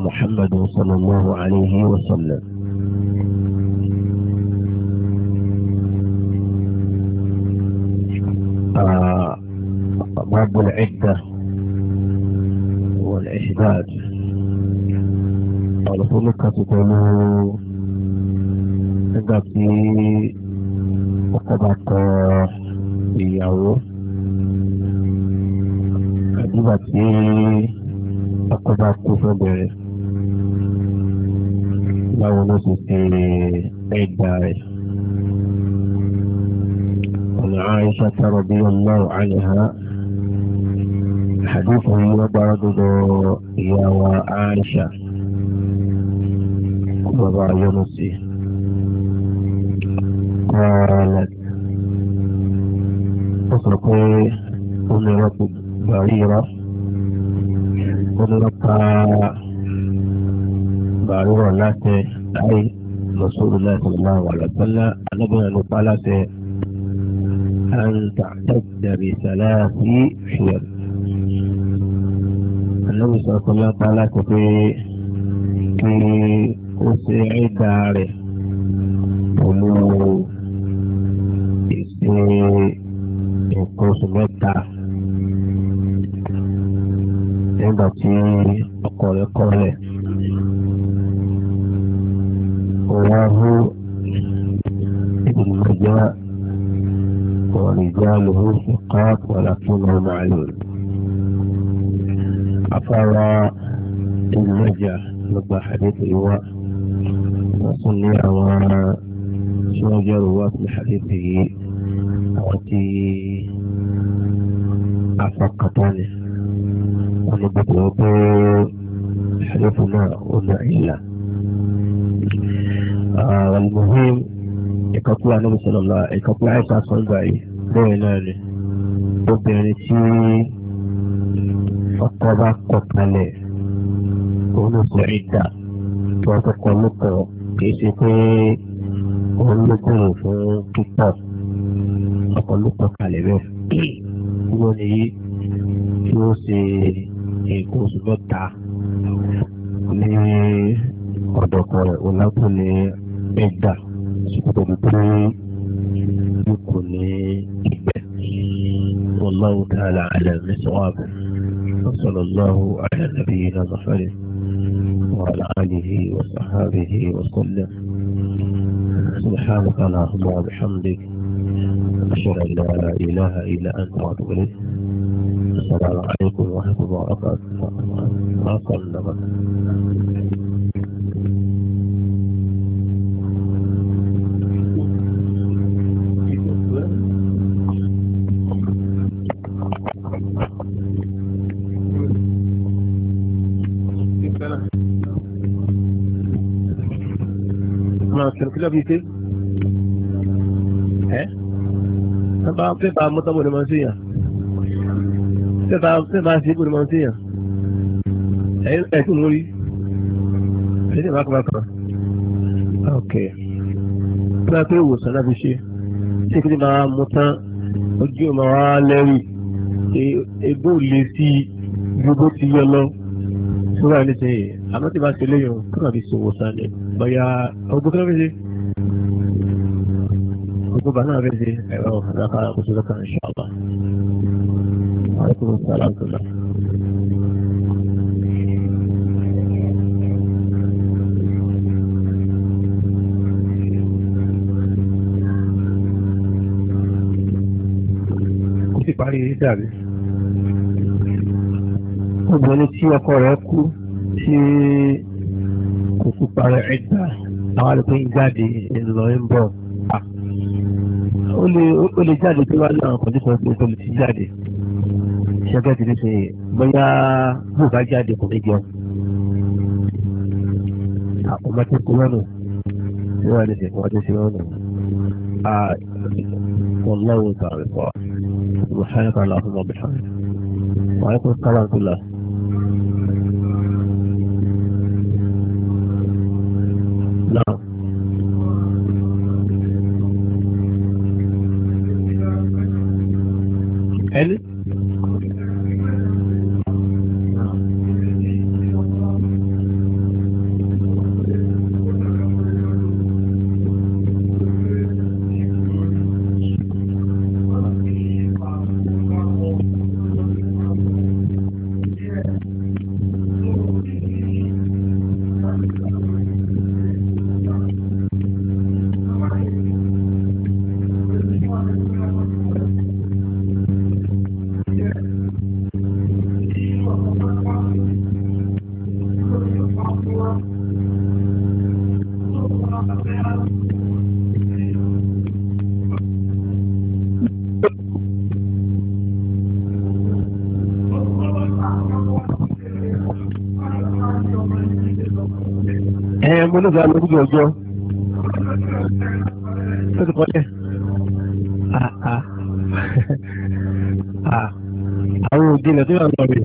محمد صلى الله عليه وسلم آه، باب العدة والإحداد قال فلك تتنو تقضي وقبعك ìyàwó nígbà tí ọkọ bá kú fẹ́bẹ̀rẹ̀ báwo ló ti ṣe ẹ̀dá rẹ̀. عن عائشة رضي الله عنها حديث يبرد يا وعائشة وبرد نفسه قالت sọ pé onírọ́ kò bàrí irọ́ onírọ́ pa bàrí irọ́ láti láì lọ́sọ̀rọ̀ láti lọ́wọ́ àwọn àlọ́tọ́lá alábẹ́rẹ́ ló pa láti أن تعتد بثلاث حيل النبي صلى الله عليه وسلم قال كي أسعد عليه mẹ́ta nígbà tí ọkọ rẹ̀ kọ́lẹ̀. رواه ابن ماجه ورجاله ثقات ولكنهم معلول أفرى ابن ماجه ضد حديث الرواء وصلي أو شوجة رواة لحديثه التي afakatani ọ̀nà gbogbo ọgbẹ́ ṣẹlẹ́fù náà ọ̀nà ìlà. Àlùmọ́hìn ìkọ́kú anábì sọ̀lọ́lá ìkọ́kú àìsàn sọ́gbà yìí bẹ́ẹ̀ náà ni obìnrin tí ọkọ bá kọ kalẹ̀ òun ló sọ ìdá tó ọkọ̀ lókọ̀ kì í ṣe pé òun ló kúrò fún pípọ̀ ọkọ̀ lókọ̀ kalẹ̀ bẹ́ẹ̀. lónìí yìí yóò ṣe èkó oṣù mẹ́ta ní ọ̀dọ̀kọ̀ rẹ̀ ọ̀làkùnrin ẹ̀dà ṣùgbọ́n pé kò ní ìgbẹ́. والله تعالى على المصواب وصلى الله على نبينا محمد وعلى وصحابه وسلم سبحانك اللهم وبحمدك أشهد أن لا إله إلا أنت وأتوب السلام عليكم ورحمة الله وبركاته ما قلبت ما ba sai ba mata bude man siya sai ba sai ba shi bude man siya eh eh kun wuri sai ba ka ba ka okay ba kai wo sana bi shi sai kiri ba mutan ojú ma wa lẹ́rì egbò lè sí gbogbo ti yọ lọ sọ́ra ẹni sẹ́yìn àmọ́ tí bá ṣe léyìn kí wọ́n fi ṣòwò sáré bóyá ọgbọ́n kí wọ́n ṣe gbogbo bá náà bẹ́ẹ̀ ṣe ẹ̀rọ àdáka àkóso lọ́kàn ìṣàlá. Àlékún sàlá sọ̀lá. Kò sí parí dàbí. Obìnrin tí ọkọ rẹ̀ kú tí kò sí parí ẹ̀dá àwọn àlùkò ń jáde ń lọ ń bọ̀ ó lè jáde tí wàá náà kò ní sọ pé kò lè jáde ṣẹ́gẹ́ ti ní ṣe bóyá bó bá jáde kò ní jẹun àkọ́mọ́ tó kú lọ́nà tí wọ́n lè ṣe kọ́ tó ṣe lọ́nà والله تعالى سبحانك اللهم وبحمدك وعليكم السلام ورحمة الله نعم L gbogbo náà gbà lórí ọjọ́ tó ti kọ́ lẹ̀ àwọn òde ilẹ̀ tó wà lọ rè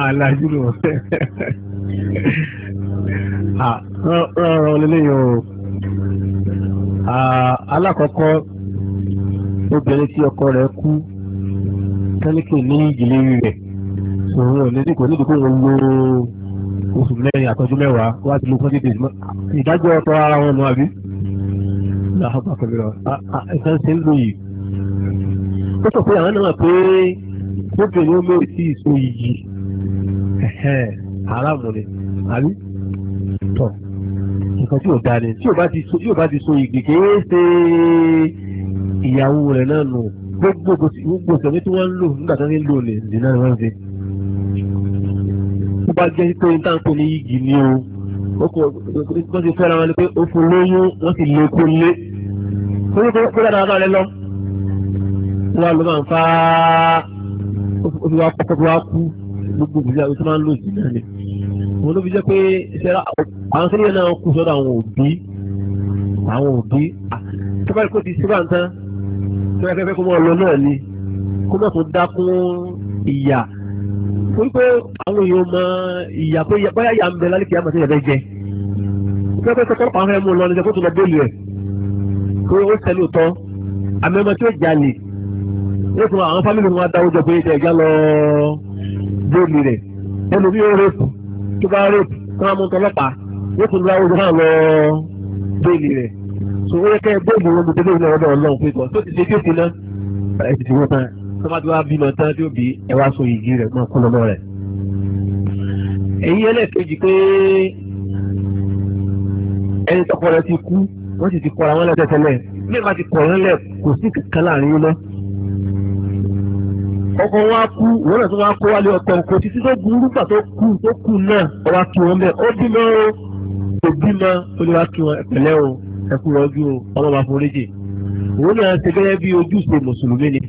àlàjú lò rọrùn lélẹ́yìn o alákọ̀ọ́kọ́ obìnrin tí ọkọ rẹ̀ kú tẹ́lẹ̀kì ní ìjìnlẹ̀ rẹ̀ òun ò ní kò nídìí kó ń lo oṣù mẹ́rin àtọ́jú mẹ́wàá wá ti lo forty days ìdájọ́ ọ̀tọ̀ ara wọn nù àbí. ẹ̀sán ṣe ń lò yìí. ó sọ pé àwọn náà pé gbogbo ni ó lórí sí ìsọ yìí haramu ni àbí. tọ nǹkan tí ò da ni tí ò bá ti so igi kìí ṣe ìyàwó rẹ̀ náà nù gbogbo gbogbo sọ̀rọ̀ tí wọ́n ń lò nígbà tó ń lò ní ìdílé náà wọ́n ń ṣe wá jẹ́ pé n táǹkò ní yìgì ni o wọ́n ti fẹ́ra wọn ni pé ó fún lóyún wọ́n sì lè kó lé wọ́n ti kó dáadáa náà lẹ́ lọ. wọ́n á lọ máa ń fa omi wa kọ́kọ́ tó wá kú gbogbo ìgbésí àwọn tó máa ń lò sí náà ni. wọ́n ló fi jẹ́ pé àwọn sílẹ̀ náà kù sọ́dọ̀ àwọn òbí àwọn òbí tó bá yẹ kó ti síbà ń tó yẹ kẹ́kẹ́ kó mọ̀ ọ́ lọ náà ni kó mọ̀ tó dákún ìyà wípé àwọn èèyàn mọ ìyà pé báyà yà ń bẹ lálẹ́kẹ̀ẹ́ àmọ́ sí ẹ̀fẹ́ jẹ pẹ́pẹ́ pẹ́pẹ́ pàwọn fẹ́ mú un lọ ní ìjọba tó lọ bẹ́ẹ̀lì ẹ̀ pé ó tẹ̀lé òtọ́ àmẹ́mọ́ tí ó jalè ó fún àwọn fámìlì wọn adáwó jọ pé ẹ̀já lọ bẹ́ẹ̀lì rẹ̀ ẹnu bí ó rèpù tó bá rèpù tó máa mú tọlọ́pàá ó fún láwó jọ náà lọ bẹ́ẹ̀lì rẹ̀ so ó yẹ kẹ́ bẹ́ẹ̀lì wọn mú tẹ́lẹ̀ ìlú ọ̀dọ̀ ọlọ́run pé kọ́ tó ti ṣe kéèkì náà ẹ̀ ti ti tó bá ti wá bímọ tán tí ó bí ẹ wá so yìí rẹ̀ mọ́ kún lọ́mọ rẹ̀. èyí ẹlẹ́ẹ̀kejì pé ẹni tọkọ rẹ̀ ti kú wọ́n sì ti kọ́ra wọn lẹ́tẹ̀ tẹ́lẹ̀ nígbà tí kọ̀ọ̀rọ̀ lẹ̀ kò sí kankan láàrin yín lọ. ọkọ wa kú ìwọ náà tó wá kó wálé ọkọ kò sí tó burú gbà tó kú tó kú náà ọwá kí wọn bẹ ó bímọ o kò bímọ ó lè wá kí wọn ẹ̀pẹ̀lẹ́ o ẹ̀kú rọ̀jú o ọmọ bàbá foríjì òun náà ṣe gẹ́gẹ́ bí ojúṣe mùsùlùmí ni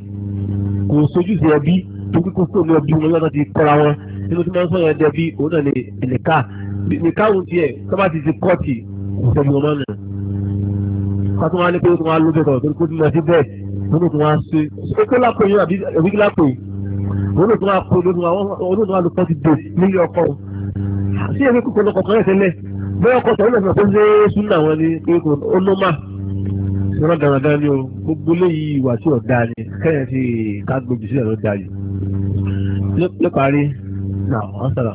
kò sojúṣe ẹbí tó kíkó sóòlù ẹbí wọn lọ́dọ̀ ti kọ́ra wọn nínú tí wọ́n sọ̀rọ̀ ẹdẹ bí òun náà ní nìka nìka òun tiẹ̀ sábà ti ti kọ́ọ̀tì kò sẹ́ni wọn náà ká tó wá ní pé ó tún wá lóde tọ̀ torí kó tún lọ sí bẹ́ẹ̀ ó tún wá ṣe ó tó lápò yín àbí ẹbí lápò yín ó tún wá kó ó tún wá lọ pọ́ọ̀tì dé nílé ọkọ sí ẹgbẹ́ kòkòrò kọ̀ọ̀kan rẹ̀ tẹ́lẹ̀ bẹ́ẹ̀ ọkọ̀ tẹ̀lé ọ̀sán tó ń lé súnà wọn ni ó ló máa lọ́nà dáradára ni o gbogbo léyìí ìwà tí ọ̀dà ni kẹ́yìn sí kágbójú sílẹ̀ ló dáa yìí. ló parí náà ọ̀sán.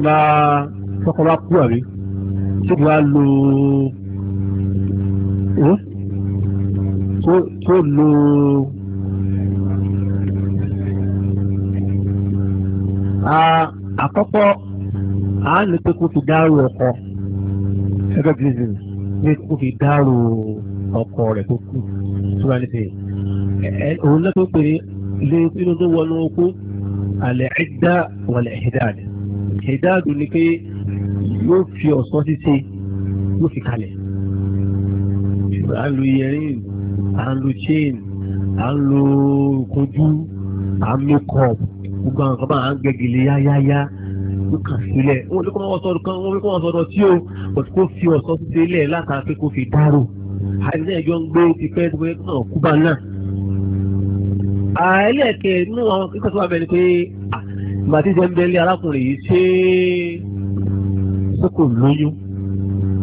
tọ́kùnrin bá tọ́kùnrin bá kú àbí tó bá lo tó lo àkọ́kọ́ à ń lè pé kó fi dárò ọkọ ẹgbẹ́ gírísì ní kó fi dárò ọkọ rẹ̀ tó kú tó bá níbi òun lọ́pọ̀ pé lè nínú tó wọnú okú àlẹ́ ẹ̀dá wọlé ẹ̀dá rẹ̀ ìdáàdù ni pé yóò fi ọ̀sán ṣíṣe yóò fi kalẹ̀ à ń lo yẹrin à ń lo chain à ń lo kojú à ń makeup gbogbo àwọn kan à ń gẹ̀gẹ̀lẹ̀ yáyáyá ló kà sílẹ̀ wọ́n ló kọ́ wọn kan wọ́n ló kọ́ wọn sọ́dọ̀ tí o but kó fi ọ̀sán ṣíṣe lẹ̀ látara pé kó fi dárò àìsàn ìjọ ń gbé ti fẹ́ gbé náà kúbà náà màtí jẹ́ ń bẹ́lẹ́ arákùnrin yìí ṣé kókò lóyún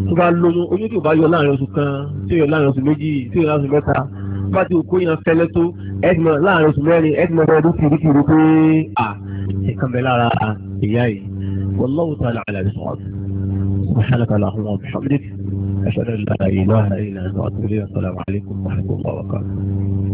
tó bá lóyún oyún tí ò bá yọ láàrin oṣù kan tí ò yọ láàrin oṣù méjì tí o yọ láàrin oṣù mẹ́ta bá ti kó yan fẹ́lẹ́ tó ẹ̀dùnmọ̀ láàrin oṣù mẹ́rin ẹ̀dùnmọ̀ bá ọdún kiri kiri pé à nǹkan bẹ lára ìyá yìí wallahu ta'ala àlàyé sọ̀rọ̀ سبحانك اللهم وبحمدك أشهد أن لا إله إلا أنت أستغفرك السلام عليكم ورحمة الله وبركاته